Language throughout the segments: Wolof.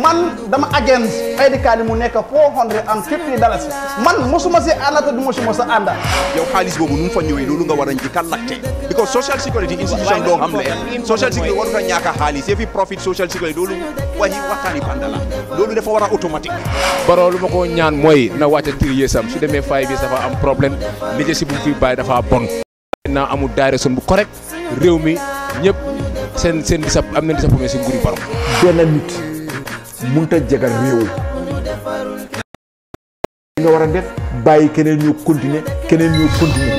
man dama against AIDCAN mu nekk 450 dalasi man mosuma si àndata du ma si mos a ànda yow xaalis boobu nu mu fa ñëwee loolu nga war a njëkk a laajte because social security institution doo xam leen social security a xaalis loolu waxi waxtaani banda la loolu dafa war a automatique baro lu ma ko ñaan mooy na wàcca three years am su demee five years dafa am problème leadership bu fi bàyyi dafa bon naa amul direction bu correct réew mi ñëpp seen seen sa am na di sa si mënut a jagal réew li nga war a def bàyyi keneen ñu continuer keneen ñu continuer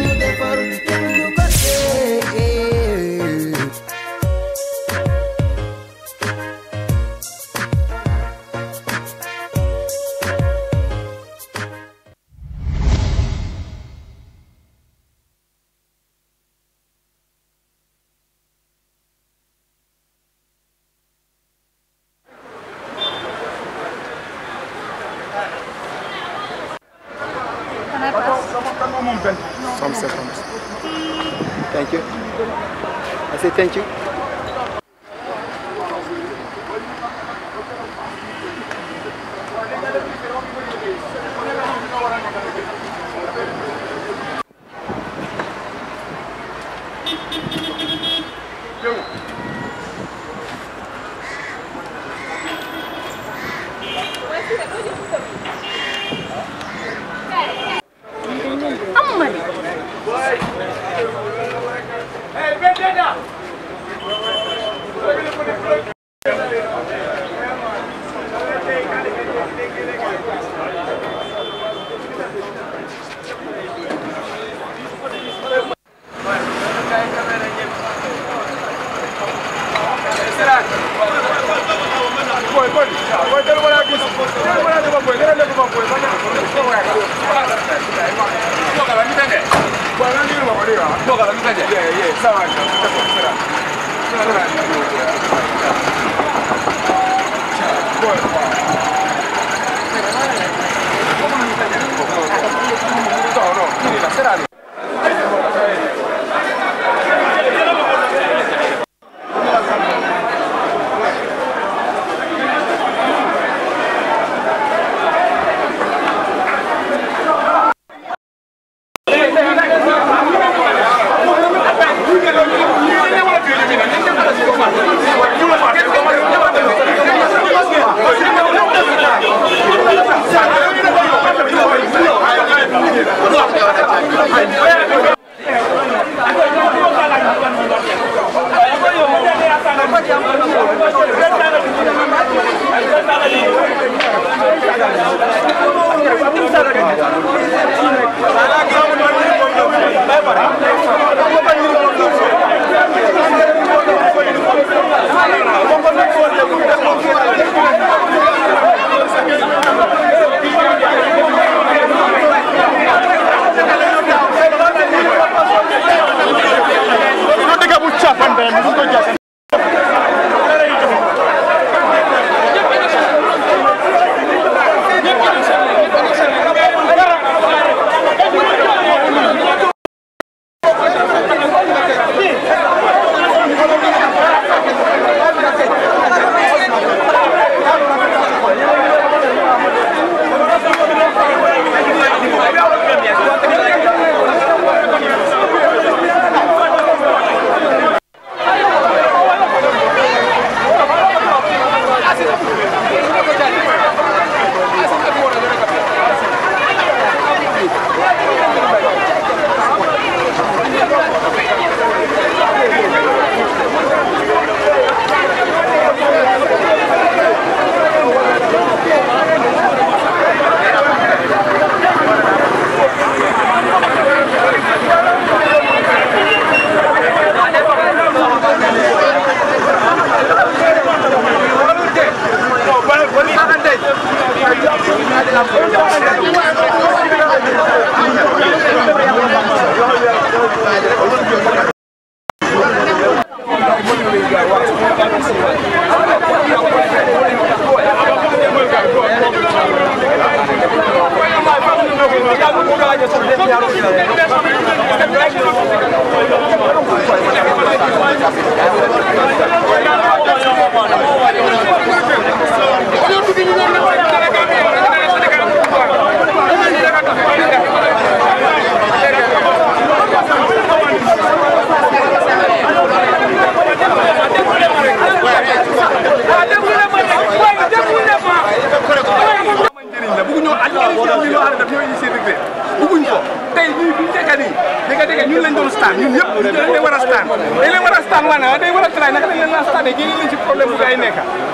реализовать.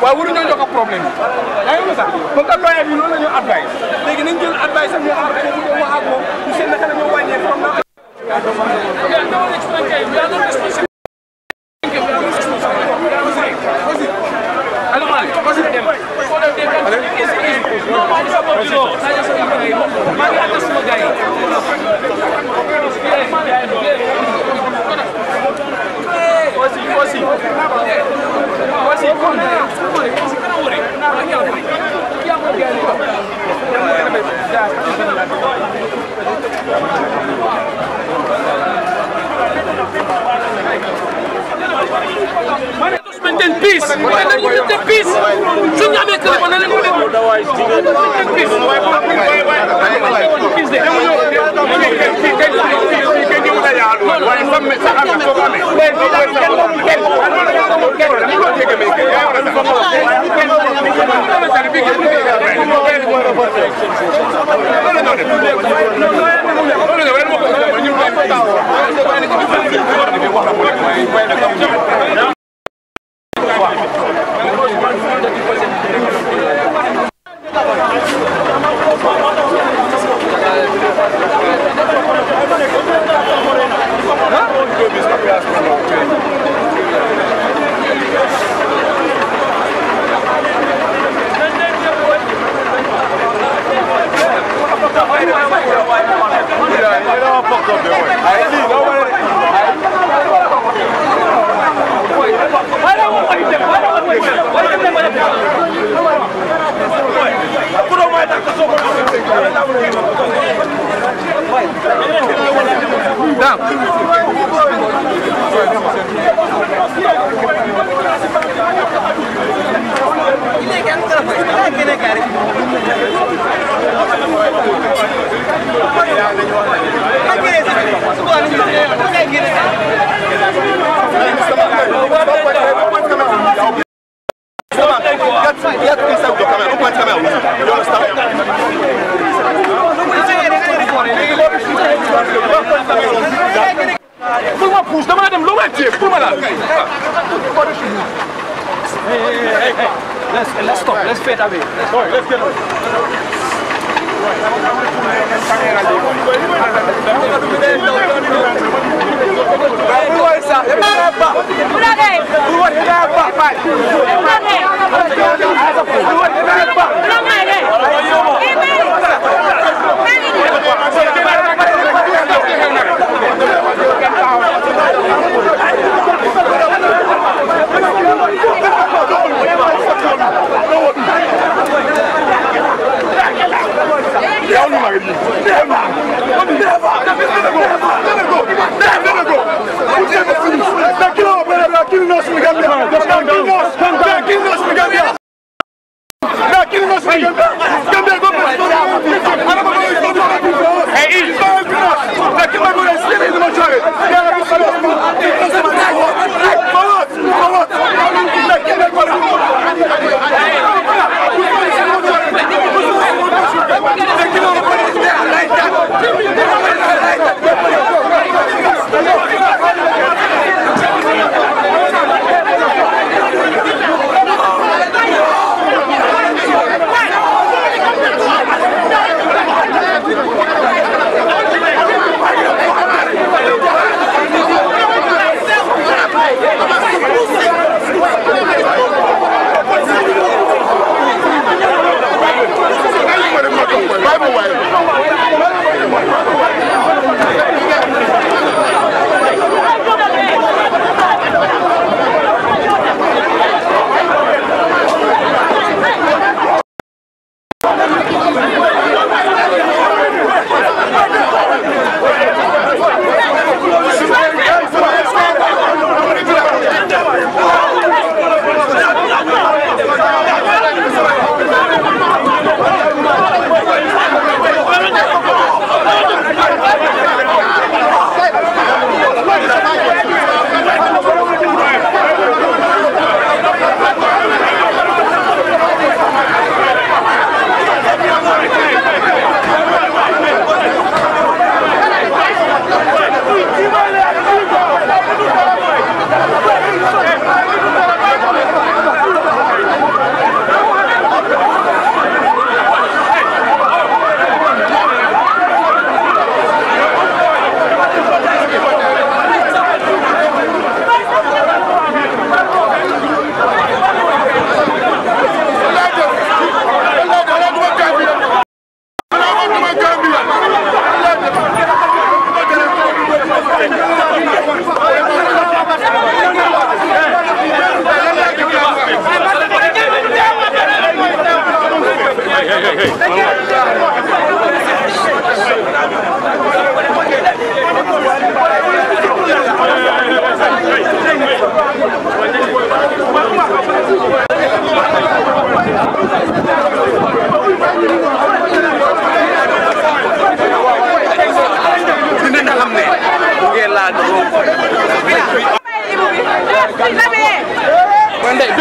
waaye waruñoo jox ko problème waaye sa amee sa amee soo ko amee. mais bii daal kenn moomul kenn moomul kenn moomul kenn moomul kenn moomul kenn moomul kenn Thank you. fit of it. Boy, let's get him. away.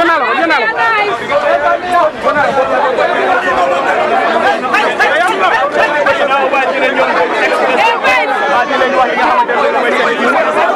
naa la ko jël naa la ko. waaw dinañ wax li nga xamante ne mooy seen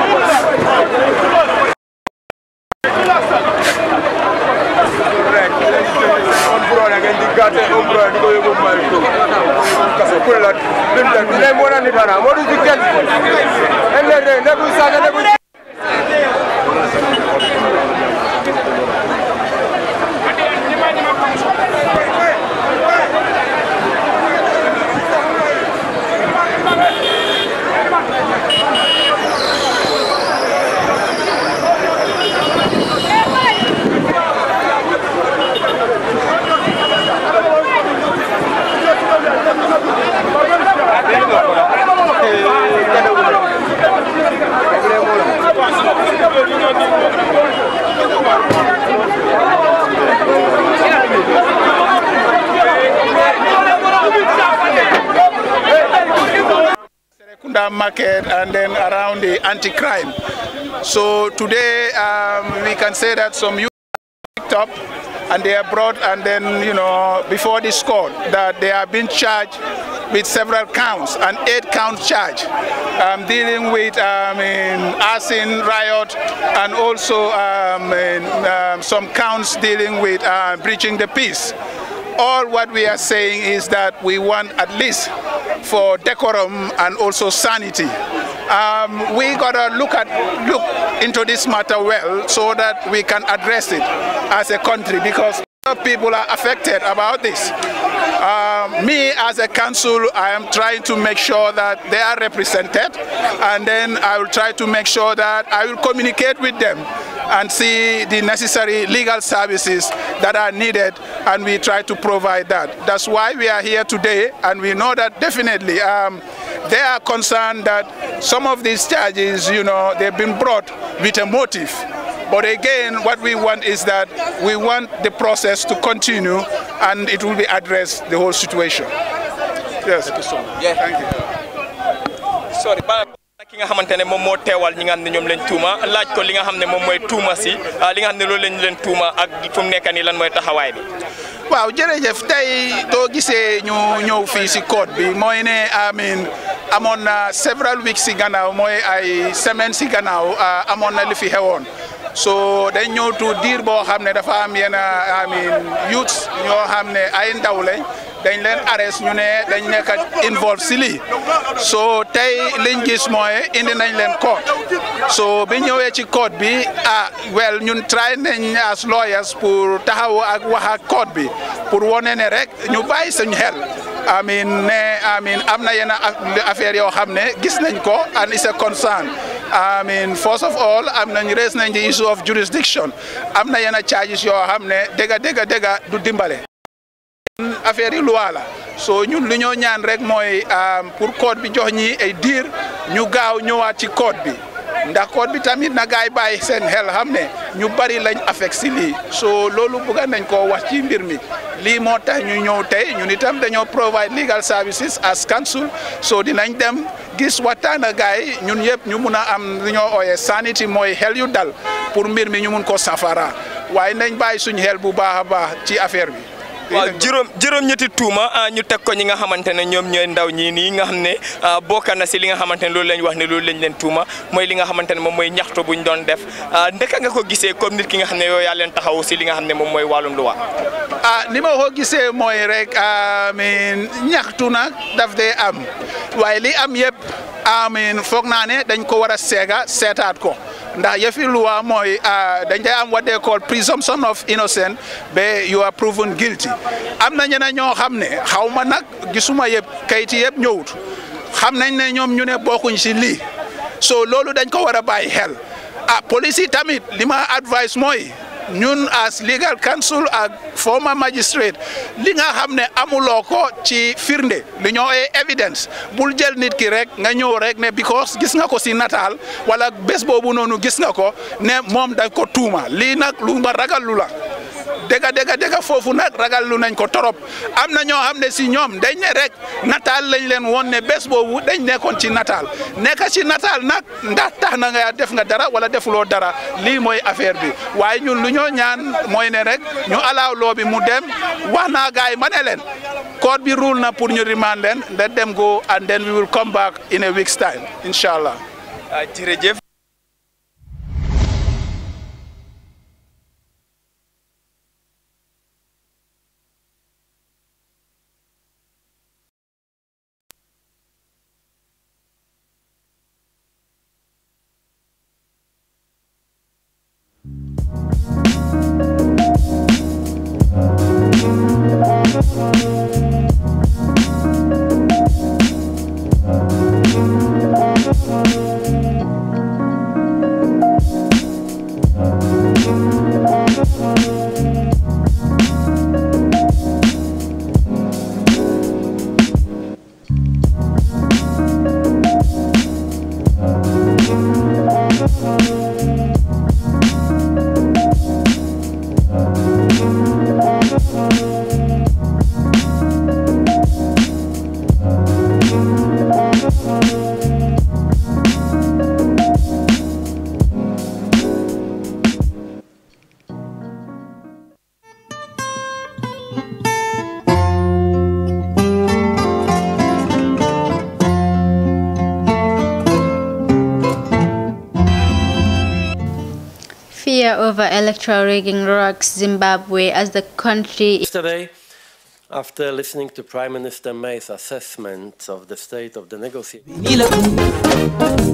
umbrone ngeen di gàtte umbrone di ko yóbbu mbay mi taw kese kuréel ak lim leen léegi moo naan ni daanaka moo dugg si kenn. Market and then around the anti-crime. So today um, we can say that some youth picked up and they are brought and then, you know, before this court that they have been charged with several counts, an eight-count charge, um, dealing with um, arson, riot, and also um, in, um, some counts dealing with uh, breaching the peace. All what we are saying is that we want at least for decorum and also sanity. Um, we gotta look at look into this matter well so that we can address it as a country because people are affected about this. Uh, me as a council, I am trying to make sure that they are represented and then I will try to make sure that I will communicate with them and see the necessary legal services that are needed and we try to provide that. That's why we are here today and we know that definitely um, they are concerned that some of these charges, you know, they've been brought with a motive but again, what we want is that we want the process to continue and it will be addressed the whole situation. Yes. Thank you so much. Yeah. Thank you. Sorry, ki nga xamante ne moom moo ñi nga xam ne lañ tuuma laaj ko li nga xam ne moom tuuma si ah, li nga xam ne lañ leen tuuma ak fu mu lan mooy taxawaay bi. waaw jërëjëf tey doo gisee ñu ñëw fii si code bi mooy ne amin amoon na several weeks si gannaaw mooy ay semaine si gannaaw ah, amoon na li fi xewoon. soo dañ ñëw diir boo xam ne dafa am yenn amin youths ñoo xam ne ay ndaw lañ dañ leen arrest ñu ne dañ nekk involve si lii so tey liñ gis mooy indi nañ leen court so bi ñëwee ci koot bi a ah, well ñun try nañ as lawyers pour taxaw ak wax ak bi pour wone ne rek ñu bàyyi suñu xel amin ne amin am na yenn affaire yoo xam ne gis nañ ko and is a I mean first of all am nañ raise nañ the issue of jurisdiction am na yenn charges yoo xam ne dégg dégg dégg du dimbale. affaire yi loi la so ñun lu ñaan rek mooy um, pour code bi jox ñi ay diir ñu gaaw ñëwaat ci code bi. ndax code bi tamit na gaay bàyyi seen xel xam ne ñu bari lañ affect si lii soo loolu bëgg nañ koo wax ci mbir mi lii moo tax ñu ñëw tey ñun itam dañoo provide legal saabisis as council soo dinañ dem gis waxtaan ak gaay ñun yëpp ñu mun a am lu ñoo ooyee sanity mooy xel yu dal pour mbir mi ñu mun koo safara waaye nañ bàyyi suñ xel bu baax a baax ci affaire bi. waaw juróom juróom-ñetti tuuma ah, ñu teg ko ñi nga xamante ne ñoom ñooy ndaw ñii nii nga xam ne ah, bokk na si li nga xamante ne loolu lañ wax ne loolu lañ leen tuuma mooy li nga xamante ne moom mooy ñaxtu buñ doon def ah, ndeka nga ko gisee comme nit ki nga xam ne yow yaa leen taxaw si li nga xam ne moom mooy wàllum luwa ah ni ma ko gisee mooy rek amiin ñaxtu nag daf de am waaye li am yëpp amiin foog naa ne dañ ko war a seega seetaat ko ndax yëfi loi mooy ah, dañ day am what they call presumption of innocent ba you are proven guilty am na ñeneen ñoo xam ne xaw ma nag gisuma yëpp kayit yëpp ñëwut xam nañ ne ñoom ñu ne bokkuñ si lii so loolu dañ ko war a bàyyi xel ah tamit li ma advice mooy. ñun as legal counsel ak former magistrate li nga xam ne amuloo ko ci firnde li ñoo ay evidence bul jël nit ki rek nga ñëw rek ne because gis nga ko si nataal wala bés boobu noonu gis nga ko ne moom da ko tuuma lii nag lu ma ragal lu la dëgg dëgg dëgg foofu nag ragal lu nañ ko torop am na ñoo am ne si ñoom dañ ne rek nataal lañ leen won ne bés boobu dañ nekkoon ci nataal nekk ci nataal nag ndax tax na nga def nga dara wala defuloo dara lii mooy affaire bi waaye ñun lu ñoo ñaan mooy ne rek ñu alaaw loo bi mu dem wax naa gaay ma ne leen koor bi ruul na pour ñu remand leen da dem go and then we will come back in a week's time incha allah. Ah, Música electoral rigging rocks Zimbabwe as the country. Yesterday, after listening to Prime Minister May's assessment of the state of the negotiations.